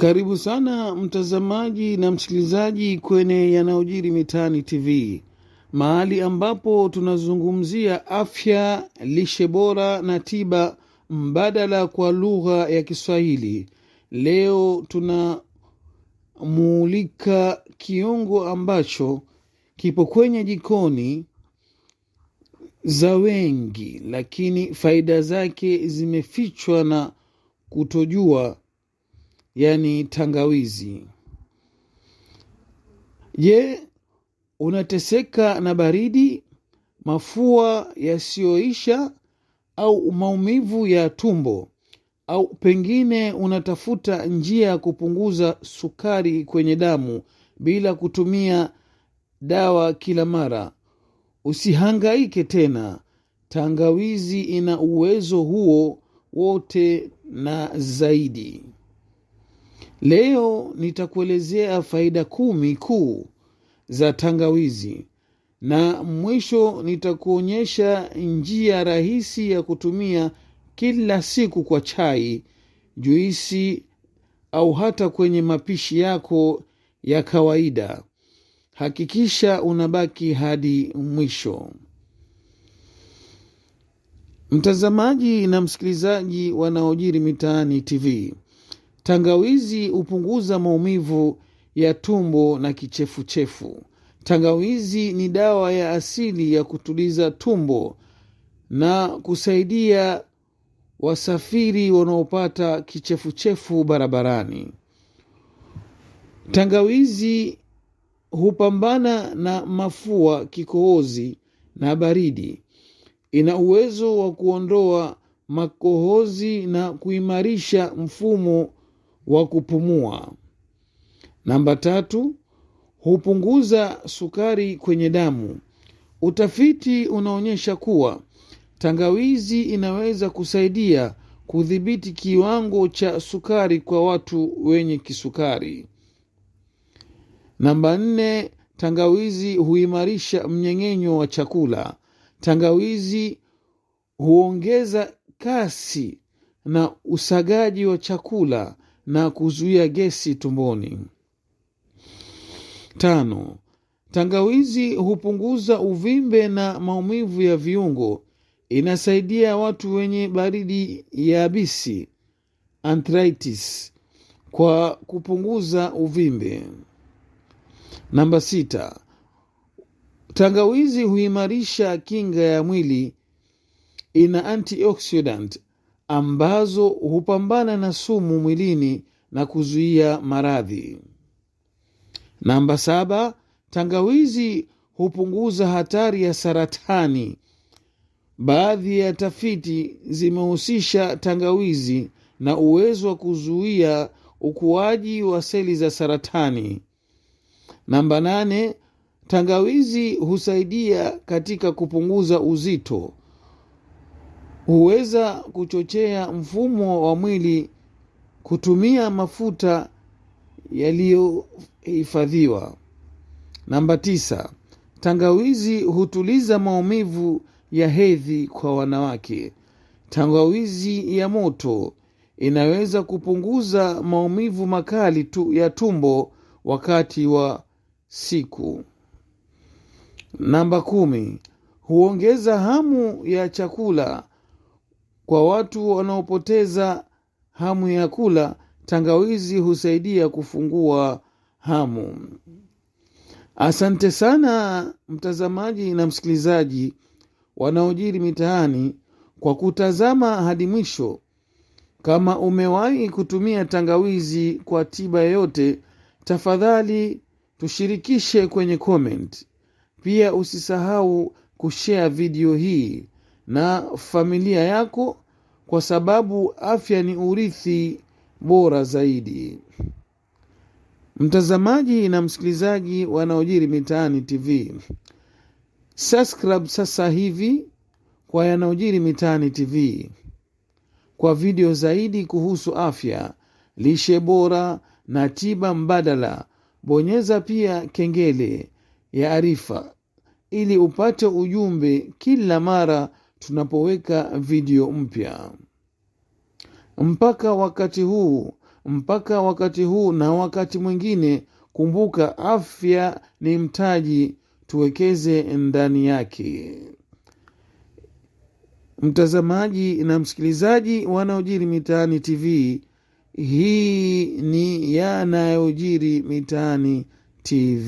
Karibu sana mtazamaji na msikilizaji kwenye yanayojiri mitaani TV, mahali ambapo tunazungumzia afya, lishe bora na tiba mbadala kwa lugha ya Kiswahili. Leo tunamuulika kiungo ambacho kipo kwenye jikoni za wengi, lakini faida zake zimefichwa na kutojua yani tangawizi. Je, unateseka na baridi, mafua yasiyoisha au maumivu ya tumbo au pengine unatafuta njia ya kupunguza sukari kwenye damu bila kutumia dawa kila mara? Usihangaike tena. Tangawizi ina uwezo huo wote na zaidi. Leo nitakuelezea faida kumi kuu za tangawizi na mwisho nitakuonyesha njia rahisi ya kutumia kila siku kwa chai, juisi au hata kwenye mapishi yako ya kawaida. Hakikisha unabaki hadi mwisho. Mtazamaji na msikilizaji wanaojiri mitaani TV, Tangawizi hupunguza maumivu ya tumbo na kichefuchefu. Tangawizi ni dawa ya asili ya kutuliza tumbo na kusaidia wasafiri wanaopata kichefuchefu barabarani. Tangawizi hupambana na mafua, kikohozi na baridi. Ina uwezo wa kuondoa makohozi na kuimarisha mfumo wa kupumua. Namba tatu, hupunguza sukari kwenye damu. Utafiti unaonyesha kuwa tangawizi inaweza kusaidia kudhibiti kiwango cha sukari kwa watu wenye kisukari. Namba nne, tangawizi huimarisha mmeng'enyo wa chakula. Tangawizi huongeza kasi na usagaji wa chakula na kuzuia gesi tumboni. Tano, tangawizi hupunguza uvimbe na maumivu ya viungo. Inasaidia watu wenye baridi ya abisi arthritis kwa kupunguza uvimbe. Namba sita, tangawizi huimarisha kinga ya mwili. Ina antioxidant ambazo hupambana na sumu mwilini na kuzuia maradhi. Namba saba, tangawizi hupunguza hatari ya saratani. Baadhi ya tafiti zimehusisha tangawizi na uwezo wa kuzuia ukuaji wa seli za saratani. Namba nane, tangawizi husaidia katika kupunguza uzito huweza kuchochea mfumo wa mwili kutumia mafuta yaliyohifadhiwa. Namba tisa, tangawizi hutuliza maumivu ya hedhi kwa wanawake. Tangawizi ya moto inaweza kupunguza maumivu makali tu ya tumbo wakati wa siku. Namba kumi, huongeza hamu ya chakula kwa watu wanaopoteza hamu ya kula, tangawizi husaidia kufungua hamu. Asante sana mtazamaji na msikilizaji wanaojiri mitaani kwa kutazama hadi mwisho. Kama umewahi kutumia tangawizi kwa tiba yeyote tafadhali tushirikishe kwenye koment Pia usisahau kushea video hii na familia yako kwa sababu afya ni urithi bora zaidi. Mtazamaji na msikilizaji wanaojiri mitaani TV, subscribe sasa hivi kwa yanayojiri mitaani TV kwa video zaidi kuhusu afya, lishe bora na tiba mbadala. Bonyeza pia kengele ya arifa ili upate ujumbe kila mara tunapoweka video mpya. Mpaka wakati huu, mpaka wakati huu na wakati mwingine, kumbuka afya ni mtaji, tuwekeze ndani yake. Mtazamaji na msikilizaji wanaojiri mitaani TV, hii ni yanayojiri mitaani TV.